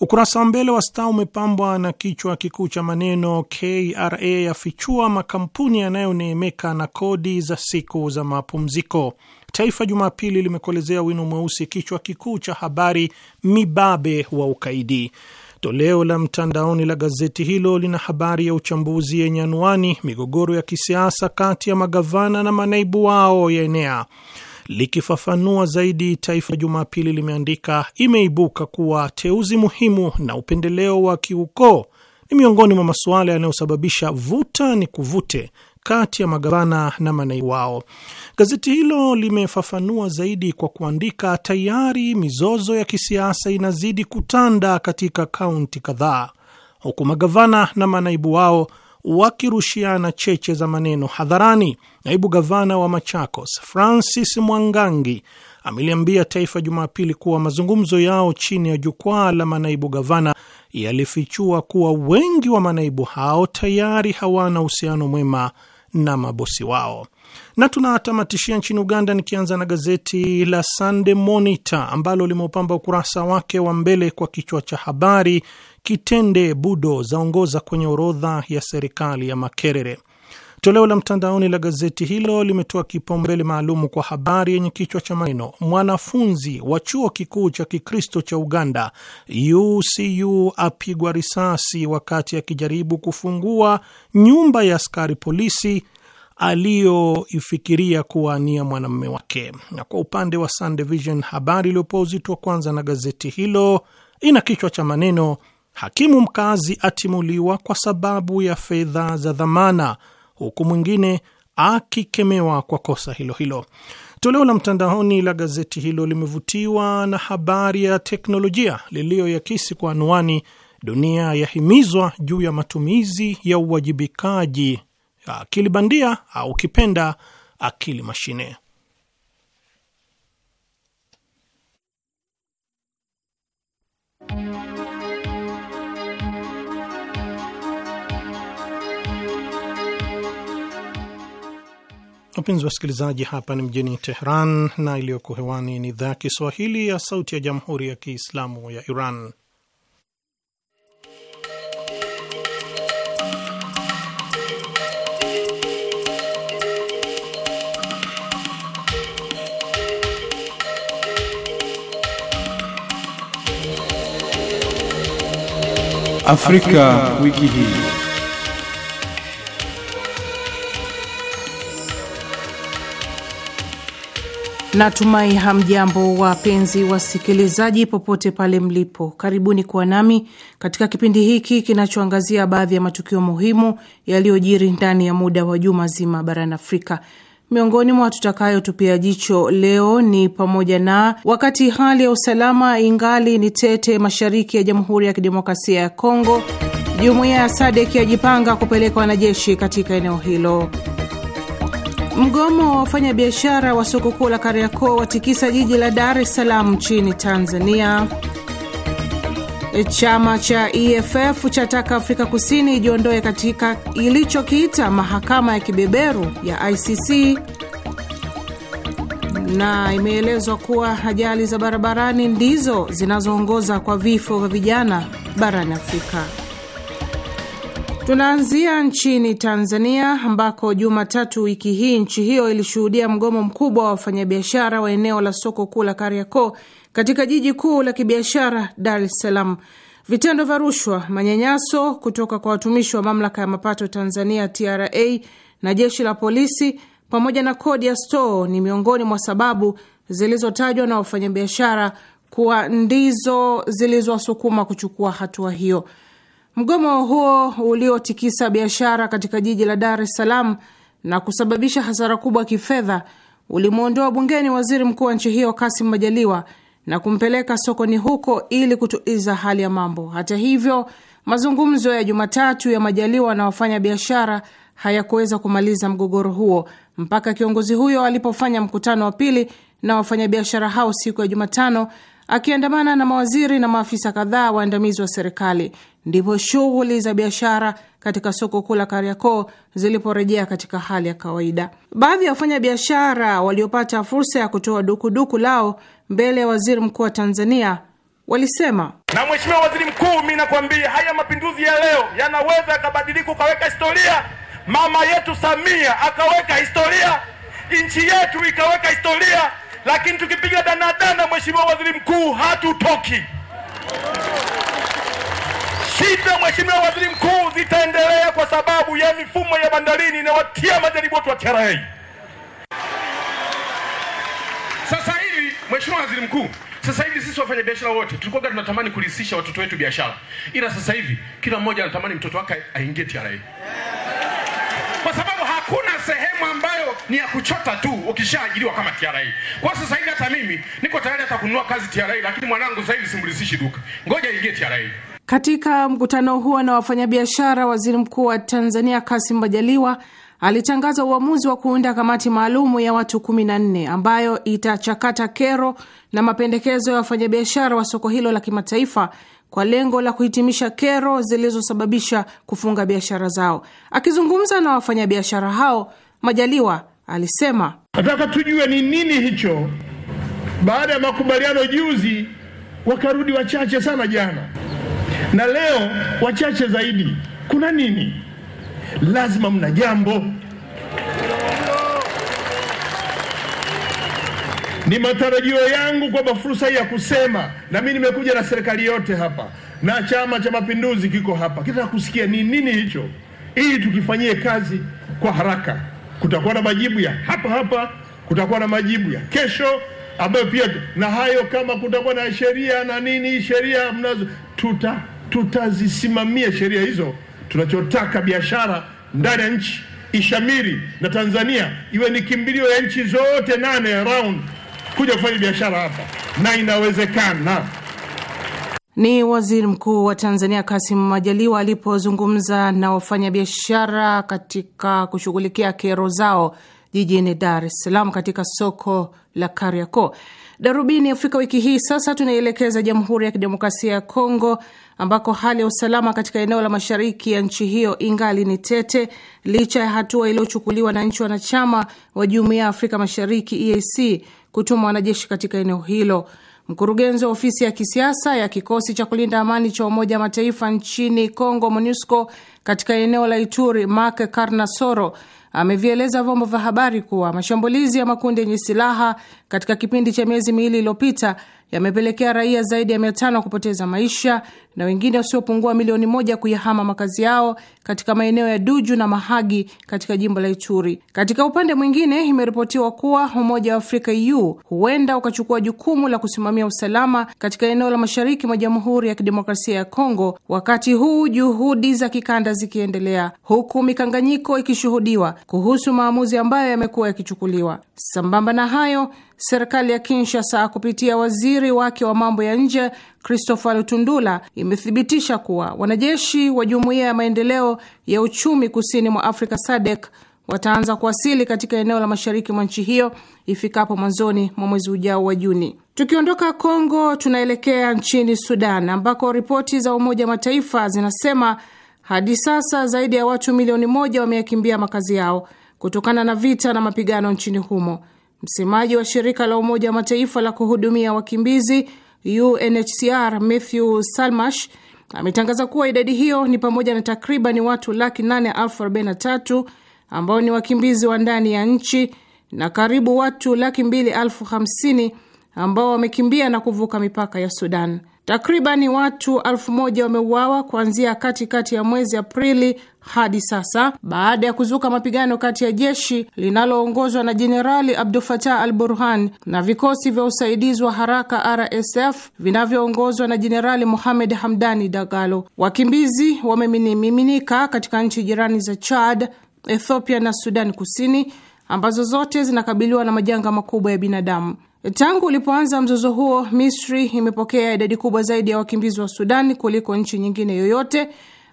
Ukurasa wa mbele wa Star umepambwa na kichwa kikuu cha maneno KRA yafichua makampuni yanayoneemeka na kodi za siku za mapumziko. Taifa Jumapili limekolezea wino mweusi kichwa kikuu cha habari, mibabe wa ukaidi. Toleo la mtandaoni la gazeti hilo lina habari ya uchambuzi yenye anwani migogoro ya kisiasa kati ya magavana na manaibu wao ya enea. Likifafanua zaidi, Taifa Jumapili limeandika imeibuka kuwa teuzi muhimu na upendeleo wa kiukoo ni miongoni mwa masuala yanayosababisha vuta ni kuvute kati ya magavana na manaibu wao. Gazeti hilo limefafanua zaidi kwa kuandika, tayari mizozo ya kisiasa inazidi kutanda katika kaunti kadhaa, huku magavana na manaibu wao wakirushiana cheche za maneno hadharani. Naibu gavana wa Machakos Francis Mwangangi ameliambia Taifa Jumapili kuwa mazungumzo yao chini ya jukwaa la manaibu gavana yalifichua kuwa wengi wa manaibu hao tayari hawana uhusiano mwema na mabosi wao. Na tunatamatishia nchini Uganda, nikianza na gazeti la Sunday Monitor ambalo limeupamba ukurasa wake wa mbele kwa kichwa cha habari, Kitende Budo zaongoza kwenye orodha ya serikali ya Makerere. Toleo la mtandaoni la gazeti hilo limetoa kipaumbele maalumu kwa habari yenye kichwa cha maneno mwanafunzi wa chuo kikuu cha Kikristo cha Uganda UCU apigwa risasi wakati akijaribu kufungua nyumba ya askari polisi aliyoifikiria kuwa nia mwanamume wake. Na kwa upande wa Sunday Vision, habari iliyopewa uzito wa kwanza na gazeti hilo ina kichwa cha maneno hakimu mkazi atimuliwa kwa sababu ya fedha za dhamana huku mwingine akikemewa kwa kosa hilo hilo. Toleo la mtandaoni la gazeti hilo limevutiwa na habari ya teknolojia liliyoyakisi kwa anwani, dunia yahimizwa juu ya matumizi ya uwajibikaji, akili bandia au ukipenda akili mashine. Wapenzi wasikilizaji, hapa ni mjini Tehran na iliyoko hewani ni idhaa ya Kiswahili ya Sauti ya Jamhuri ya Kiislamu ya Iran. Afrika, Afrika wiki hii. Natumai hamjambo wapenzi wasikilizaji, popote pale mlipo, karibuni kuwa nami katika kipindi hiki kinachoangazia baadhi ya matukio muhimu yaliyojiri ndani ya muda wa juma zima barani Afrika. Miongoni mwa tutakayotupia jicho leo ni pamoja na wakati hali ya usalama ingali ni tete mashariki ya Jamhuri ya Kidemokrasia ya Kongo, jumuiya ya sadek yajipanga kupeleka wanajeshi katika eneo hilo. Mgomo wa wafanyabiashara wa soko kuu la Kariakoo watikisa jiji la Dar es Salaam nchini Tanzania. Chama cha EFF chataka Afrika Kusini ijiondoe katika ilichokiita mahakama ya kibeberu ya ICC, na imeelezwa kuwa ajali za barabarani ndizo zinazoongoza kwa vifo vya vijana barani Afrika. Tunaanzia nchini Tanzania ambako Jumatatu wiki hii nchi hiyo ilishuhudia mgomo mkubwa wa wafanyabiashara wa eneo la soko kuu la Kariakoo katika jiji kuu la kibiashara Dar es Salaam. Vitendo vya rushwa, manyanyaso kutoka kwa watumishi wa mamlaka ya mapato Tanzania TRA na jeshi la polisi pamoja na kodi ya stoo ni miongoni mwa sababu zilizotajwa na wafanyabiashara kuwa ndizo zilizowasukuma kuchukua hatua hiyo. Mgomo huo uliotikisa biashara katika jiji la Dar es Salaam na kusababisha hasara kubwa kifedha ulimwondoa bungeni waziri mkuu wa nchi hiyo Kasim Majaliwa na kumpeleka sokoni huko ili kutuliza hali ya mambo. Hata hivyo, mazungumzo ya Jumatatu ya Majaliwa na wafanya biashara hayakuweza kumaliza mgogoro huo mpaka kiongozi huyo alipofanya mkutano wa pili na wafanyabiashara hao siku ya Jumatano akiandamana na mawaziri na maafisa kadhaa waandamizi wa serikali ndipo shughuli za biashara katika soko kuu la Kariakoo ziliporejea katika hali ya kawaida. Baadhi ya wafanya biashara waliopata fursa ya kutoa dukuduku lao mbele ya waziri mkuu wa Tanzania walisema na Mheshimiwa Waziri Mkuu, mi nakwambia haya mapinduzi ya leo yanaweza yakabadilika, ukaweka historia. Mama yetu Samia akaweka historia, nchi yetu ikaweka historia, lakini tukipiga danadana, Mheshimiwa Waziri Mkuu, hatutoki Shida Mheshimiwa Waziri Mkuu zitaendelea kwa sababu ya mifumo ya bandarini inawatia majaribu watu wa TRA. Sasa hivi Mheshimiwa Waziri Mkuu, sasa hivi sisi wafanya biashara wote tulikuwa tunatamani kulisisha watoto wetu biashara, ila sasa hivi kila mmoja anatamani mtoto wake aingie TRA kwa sababu hakuna sehemu ambayo ni ya kuchota tu ukishaajiriwa kama TRA. Kwa sasa hivi hata mimi niko tayari hata kununua kazi TRA, lakini mwanangu sasa hivi simrisishi duka, ngoja ingie TRA. Katika mkutano huo na wafanyabiashara, waziri mkuu wa Tanzania Kasim Majaliwa alitangaza uamuzi wa kuunda kamati maalumu ya watu 14 ambayo itachakata kero na mapendekezo ya wafanyabiashara wa soko hilo la kimataifa kwa lengo la kuhitimisha kero zilizosababisha kufunga biashara zao. Akizungumza na wafanyabiashara hao, Majaliwa alisema, nataka tujue ni nini hicho. Baada ya makubaliano juzi, wakarudi wachache sana jana na leo wachache zaidi. Kuna nini? Lazima mna jambo. Ni matarajio yangu kwamba fursa hii ya kusema, na mimi nimekuja na serikali yote hapa na Chama cha Mapinduzi kiko hapa, kitaka kusikia ni nini hicho, ili tukifanyie kazi kwa haraka. Kutakuwa na majibu ya hapa hapa, kutakuwa na majibu ya kesho ambayo pia na hayo, kama kutakuwa na sheria na nini, sheria mnazo tuta tutazisimamia sheria hizo. Tunachotaka biashara ndani ya nchi ishamiri na Tanzania iwe ni kimbilio ya nchi zote nane around kuja kufanya biashara hapa, na inawezekana. Ni Waziri Mkuu wa Tanzania Kasim Majaliwa alipozungumza na wafanyabiashara katika kushughulikia kero zao jijini Dar es Salaam katika soko la Kariakoo. Darubini Afrika wiki hii sasa tunaielekeza Jamhuri ya Kidemokrasia ya Kongo ambako hali ya usalama katika eneo la mashariki ya nchi hiyo ingali ni tete licha ya hatua iliyochukuliwa na nchi wanachama wa Jumuiya ya Afrika Mashariki EAC kutuma wanajeshi katika eneo hilo. Mkurugenzi wa ofisi ya kisiasa ya kikosi cha kulinda amani cha Umoja wa Mataifa nchini Congo, MONUSCO, katika eneo la Ituri, Mark Karnasoro amevieleza vyombo vya habari kuwa mashambulizi ya makundi yenye silaha katika kipindi cha miezi miwili iliyopita yamepelekea raia zaidi ya mia tano kupoteza maisha na wengine wasiopungua milioni moja kuyahama makazi yao katika maeneo ya Duju na Mahagi katika jimbo la Ituri. Katika upande mwingine, imeripotiwa kuwa Umoja wa Afrika EU huenda ukachukua jukumu la kusimamia usalama katika eneo la mashariki mwa Jamhuri ya Kidemokrasia ya Kongo, wakati huu juhudi za kikanda zikiendelea, huku mikanganyiko ikishuhudiwa kuhusu maamuzi ambayo yamekuwa yakichukuliwa. Sambamba na hayo Serikali ya Kinshasa kupitia waziri wake wa mambo ya nje Christopher Lutundula imethibitisha kuwa wanajeshi wa Jumuiya ya Maendeleo ya Uchumi Kusini mwa Afrika SADC wataanza kuwasili katika eneo la mashariki mwa nchi hiyo ifikapo mwanzoni mwa mwezi ujao wa Juni. Tukiondoka Kongo, tunaelekea nchini Sudan ambako ripoti za Umoja wa Mataifa zinasema hadi sasa zaidi ya watu milioni moja wameyakimbia makazi yao kutokana na vita na mapigano nchini humo. Msemaji wa shirika la Umoja wa Mataifa la kuhudumia wakimbizi UNHCR Matthew Salmash ametangaza kuwa idadi hiyo ni pamoja na takriban watu laki nane elfu arobaini na tatu ambao ni wakimbizi wa ndani ya nchi na karibu watu laki mbili elfu hamsini ambao wamekimbia na kuvuka mipaka ya Sudan. Takribani watu elfu moja wameuawa kuanzia katikati ya mwezi Aprili hadi sasa baada ya kuzuka mapigano kati ya jeshi linaloongozwa na Jenerali Abdul Fatah al Burhan na vikosi vya usaidizi wa haraka RSF vinavyoongozwa na Jenerali Mohamed Hamdani Dagalo. Wakimbizi wamemiminika katika nchi jirani za Chad, Ethiopia na Sudan Kusini ambazo zote zinakabiliwa na majanga makubwa ya binadamu. Tangu ulipoanza mzozo huo, Misri imepokea idadi kubwa zaidi ya wakimbizi wa Sudani kuliko nchi nyingine yoyote,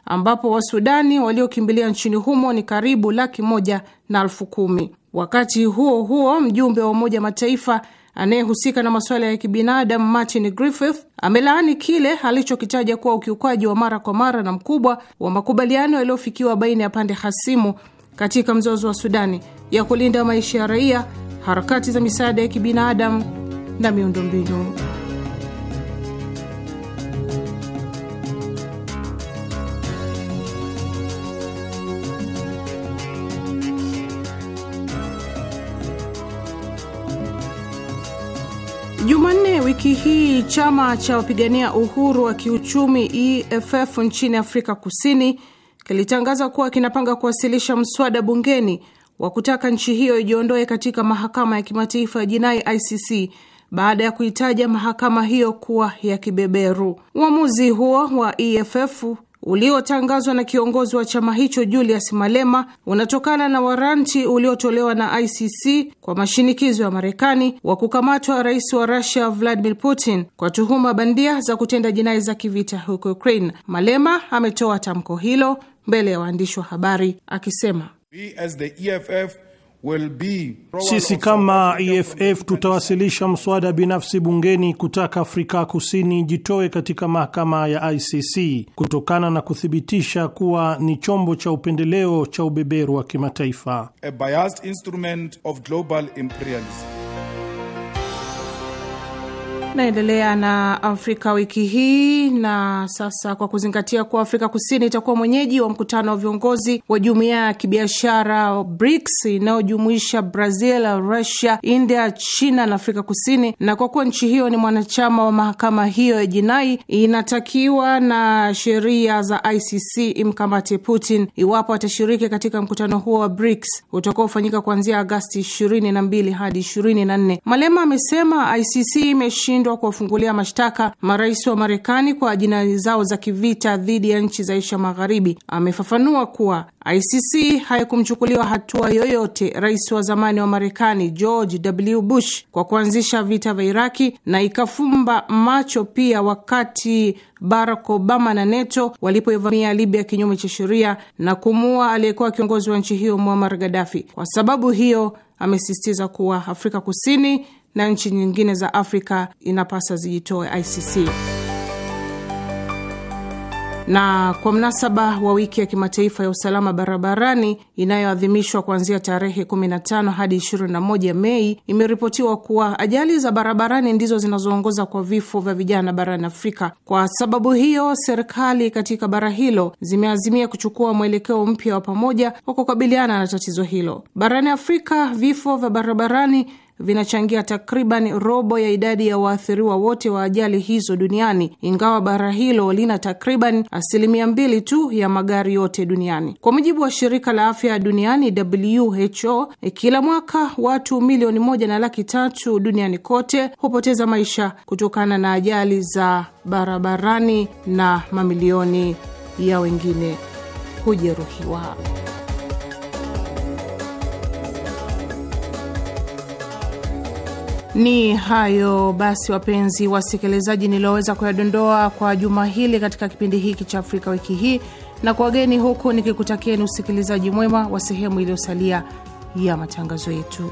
ambapo Wasudani waliokimbilia nchini humo ni karibu laki moja na elfu kumi. Wakati huo huo, mjumbe wa Umoja Mataifa anayehusika na masuala ya kibinadamu Martin Griffith amelaani kile alichokitaja kuwa ukiukaji wa mara kwa mara na mkubwa wa makubaliano yaliyofikiwa baina ya pande hasimu katika mzozo wa Sudani ya kulinda maisha ya raia harakati za misaada ya kibinadamu na miundombinu. Jumanne wiki hii chama cha wapigania uhuru wa kiuchumi EFF nchini Afrika Kusini kilitangaza kuwa kinapanga kuwasilisha mswada bungeni wa kutaka nchi hiyo ijiondoe katika mahakama ya kimataifa ya jinai ICC baada ya kuitaja mahakama hiyo kuwa ya kibeberu. Uamuzi huo wa EFF uliotangazwa na kiongozi wa chama hicho Julius Malema unatokana na waranti uliotolewa na ICC kwa mashinikizo ya Marekani wa kukamatwa rais wa Rusia Vladimir Putin kwa tuhuma bandia za kutenda jinai za kivita huko Ukraine. Malema ametoa tamko hilo mbele ya waandishi wa habari akisema E Sisi kama EFF tutawasilisha mswada binafsi bungeni kutaka Afrika Kusini jitoe katika mahakama ya ICC kutokana na kuthibitisha kuwa ni chombo cha upendeleo cha ubeberu wa kimataifa. A biased instrument of global imperialism. Naendelea na Afrika wiki hii na sasa, kwa kuzingatia kuwa Afrika Kusini itakuwa mwenyeji wa mkutano wa viongozi wa jumuiya ya kibiashara BRICS inayojumuisha Brazil, Russia, India, China na Afrika Kusini, na kwa kuwa nchi hiyo ni mwanachama wa mahakama hiyo ya jinai, inatakiwa na sheria za ICC imkamate Putin iwapo atashiriki katika mkutano huo wa BRICS utakaofanyika kuanzia Agasti 22 hadi 24. Malema amesema ICC imeshinda kushindwa kuwafungulia mashtaka marais wa Marekani kwa jinai zao za kivita dhidi ya nchi za Asia Magharibi. Amefafanua kuwa ICC haikumchukuliwa hatua yoyote rais wa zamani wa Marekani George W. Bush kwa kuanzisha vita vya Iraki na ikafumba macho pia wakati Barack Obama na NATO walipoivamia Libya kinyume cha sheria na kumuua aliyekuwa kiongozi wa nchi hiyo Muammar Gaddafi. Kwa sababu hiyo, amesisitiza kuwa Afrika Kusini na nchi nyingine za Afrika inapasa zijitoe ICC. Na kwa mnasaba wa wiki ya kimataifa ya usalama barabarani inayoadhimishwa kuanzia tarehe 15 hadi 21 Mei, imeripotiwa kuwa ajali za barabarani ndizo zinazoongoza kwa vifo vya vijana barani Afrika. Kwa sababu hiyo, serikali katika bara hilo zimeazimia kuchukua mwelekeo mpya wa pamoja wa kukabiliana na tatizo hilo. Barani Afrika, vifo vya barabarani vinachangia takriban robo ya idadi ya waathiriwa wote wa ajali hizo duniani, ingawa bara hilo lina takriban asilimia mbili tu ya magari yote duniani. Kwa mujibu wa shirika la afya duniani WHO, kila mwaka watu milioni moja na laki tatu duniani kote hupoteza maisha kutokana na ajali za barabarani na mamilioni ya wengine hujeruhiwa. Ni hayo basi, wapenzi wasikilizaji, nilioweza kuyadondoa kwa juma hili katika kipindi hiki cha Afrika wiki hii, na kwa wageni huku nikikutakieni usikilizaji mwema wa sehemu iliyosalia ya matangazo yetu.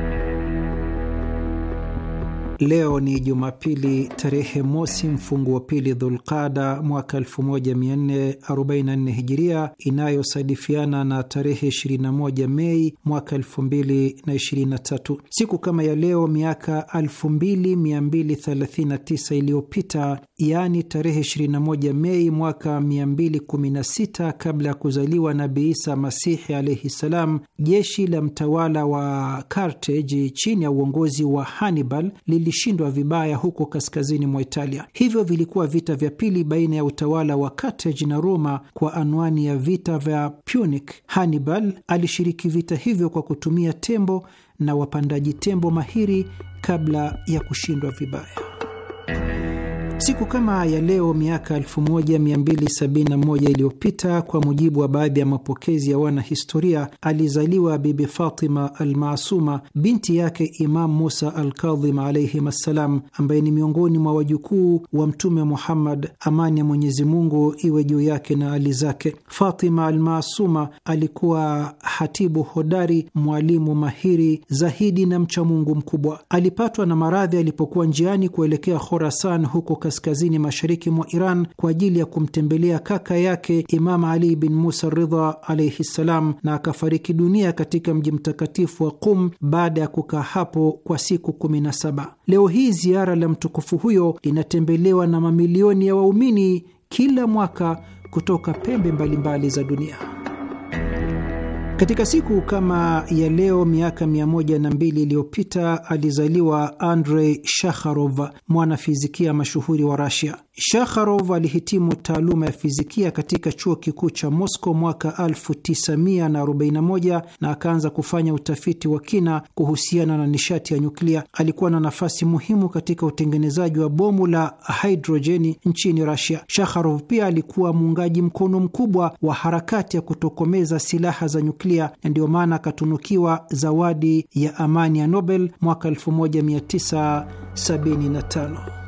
Leo ni Jumapili, tarehe mosi mfungu wa pili Dhulqada mwaka 1444 Hijiria, inayosadifiana na tarehe 21 Mei mwaka 2023. Siku kama ya leo miaka 2239 iliyopita, yaani tarehe 21 Mei mwaka 216 kabla ya kuzaliwa Nabi Isa Masihi alaihi ssalam jeshi la mtawala wa Carthage chini ya uongozi wa Hannibal lili vilishindwa vibaya huko kaskazini mwa Italia. Hivyo vilikuwa vita vya pili baina ya utawala wa Carthage na Roma kwa anwani ya vita vya Punic. Hannibal alishiriki vita hivyo kwa kutumia tembo na wapandaji tembo mahiri kabla ya kushindwa vibaya. Siku kama ya leo miaka 1271 iliyopita, kwa mujibu wa baadhi ya mapokezi ya wanahistoria, alizaliwa Bibi Fatima Almasuma, binti yake Imam Musa Alkadhim alaihim assalam, ambaye ni miongoni mwa wajukuu wa Mtume Muhammad, amani ya Mwenyezi Mungu iwe juu yake na ali zake. Fatima Almasuma alikuwa hatibu hodari, mwalimu mahiri, zahidi na mchamungu mkubwa. Alipatwa na maradhi alipokuwa njiani kuelekea Khorasan huko kaskazini mashariki mwa Iran kwa ajili ya kumtembelea kaka yake Imam Ali bin Musa Ridha alaihi ssalam, na akafariki dunia katika mji mtakatifu wa Qum baada ya kukaa hapo kwa siku 17. Leo hii ziara la mtukufu huyo linatembelewa na mamilioni ya waumini kila mwaka kutoka pembe mbalimbali mbali za dunia. Katika siku kama ya leo miaka mbili iliyopita alizaliwa Andrei Shakharov, mwanafizikia mashuhuri wa Rasia. Shakharov alihitimu taaluma ya fizikia katika chuo kikuu cha Moscow mwaka 1941 na, na akaanza kufanya utafiti wa kina kuhusiana na nishati ya nyuklia. Alikuwa na nafasi muhimu katika utengenezaji wa bomu la hidrojeni nchini rasia Shakharov pia alikuwa muungaji mkono mkubwa wa harakati ya kutokomeza silaha za nyuklia, na ndiyo maana akatunukiwa zawadi ya amani ya Nobel mwaka 1975.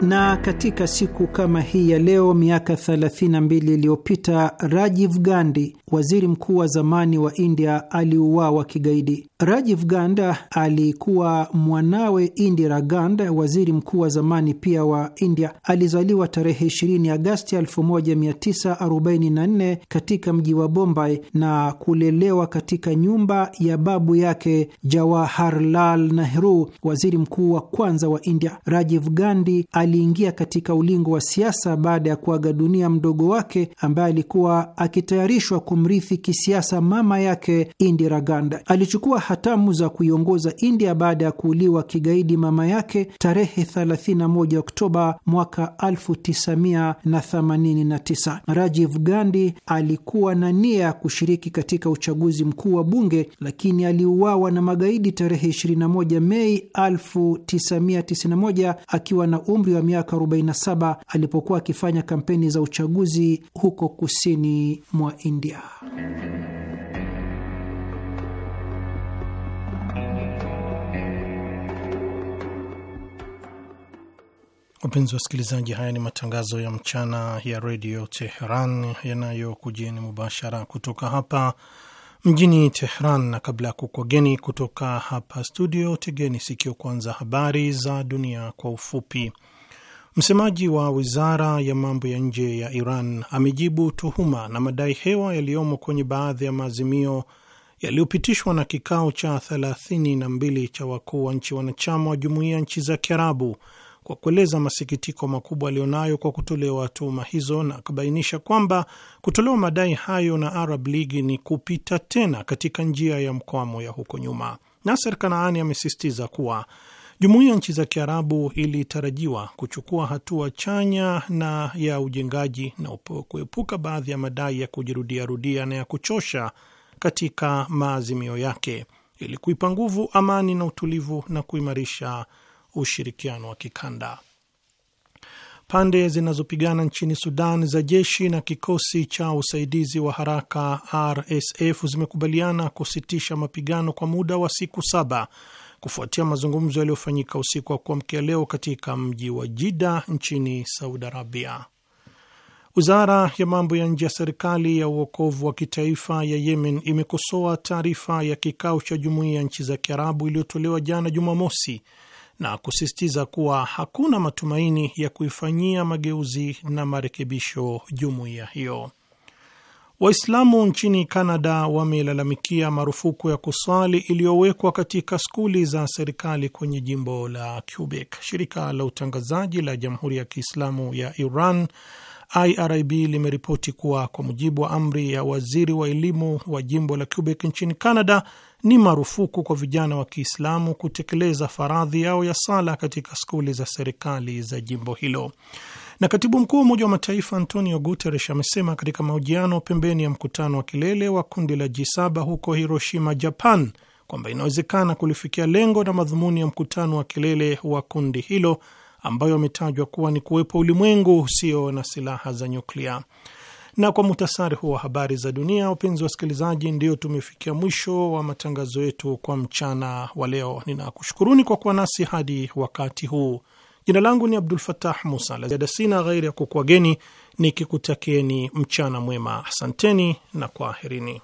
Na katika siku kama hii ya leo miaka 32 iliyopita Rajiv Gandhi waziri mkuu wa zamani wa India, aliuawa kigaidi. Rajiv Gandhi alikuwa mwanawe Indira Gandhi, waziri mkuu wa zamani pia wa India. Alizaliwa tarehe 20 Agasti 1944 katika mji wa Bombay na kulelewa katika nyumba ya babu yake Jawaharlal Nehru, waziri mkuu wa kwanza wa India. Rajiv Gandhi aliingia katika ulingo wa siasa baada ya kuaga dunia mdogo wake ambaye alikuwa akitayarishwa kum kumrithi kisiasa mama yake Indira Gandhi. Alichukua hatamu za kuiongoza India baada ya kuuliwa kigaidi mama yake tarehe 31 Oktoba mwaka 1989. Rajiv Gandhi alikuwa na nia ya kushiriki katika uchaguzi mkuu wa bunge, lakini aliuawa na magaidi tarehe 21 Mei 1991 akiwa na umri wa miaka 47 alipokuwa akifanya kampeni za uchaguzi huko kusini mwa India. Wapenzi wasikilizaji, haya ni matangazo ya mchana ya redio Teheran yanayokujieni mubashara kutoka hapa mjini Teheran, na kabla ya kukwageni kutoka hapa studio, tegeni sikio kwanza habari za dunia kwa ufupi. Msemaji wa wizara ya mambo ya nje ya Iran amejibu tuhuma na madai hewa yaliyomo kwenye baadhi ya maazimio yaliyopitishwa na kikao cha 32 cha wakuu wa nchi wanachama wa jumuiya nchi za Kiarabu kwa kueleza masikitiko makubwa aliyonayo kwa kutolewa tuhuma hizo na akabainisha kwamba kutolewa madai hayo na Arab League ni kupita tena katika njia ya mkwamo ya huko nyuma. Nasser Kanaani amesisitiza kuwa Jumuiya ya nchi za Kiarabu ilitarajiwa kuchukua hatua chanya na ya ujengaji na kuepuka baadhi ya madai ya kujirudiarudia na ya kuchosha katika maazimio yake ili kuipa nguvu amani na utulivu na kuimarisha ushirikiano wa kikanda. Pande zinazopigana nchini Sudan za jeshi na kikosi cha usaidizi wa haraka RSF zimekubaliana kusitisha mapigano kwa muda wa siku saba kufuatia mazungumzo yaliyofanyika usiku wa kuamkia leo katika mji wa Jida nchini Saudi Arabia. Wizara ya mambo ya nje ya serikali ya uokovu wa kitaifa ya Yemen imekosoa taarifa ya kikao cha jumuiya ya nchi za Kiarabu iliyotolewa jana Jumamosi na kusisitiza kuwa hakuna matumaini ya kuifanyia mageuzi na marekebisho jumuiya hiyo. Waislamu nchini Kanada wamelalamikia marufuku ya kuswali iliyowekwa katika skuli za serikali kwenye jimbo la Quebec. Shirika la utangazaji la Jamhuri ya Kiislamu ya Iran IRIB limeripoti kuwa kwa mujibu wa amri ya waziri wa elimu wa jimbo la Quebec nchini Canada, ni marufuku kwa vijana wa Kiislamu kutekeleza faradhi yao ya sala katika skuli za serikali za jimbo hilo. Na katibu mkuu wa Umoja wa Mataifa Antonio Guterres amesema katika mahojiano pembeni ya mkutano wa kilele wa kundi la G7 huko Hiroshima, Japan, kwamba inawezekana kulifikia lengo na madhumuni ya mkutano wa kilele wa kundi hilo ambayo ametajwa kuwa ni kuwepo ulimwengu usio na silaha za nyuklia. Na kwa muhtasari huu wa habari za dunia, wapenzi wa wasikilizaji, ndio tumefikia mwisho wa matangazo yetu kwa mchana wa leo. Ninakushukuruni kwa kuwa nasi hadi wakati huu. Jina langu ni Abdul Fatah Musa. La ziada sina ghairi ya kukwageni nikikutakieni mchana mwema. Asanteni na kwaherini.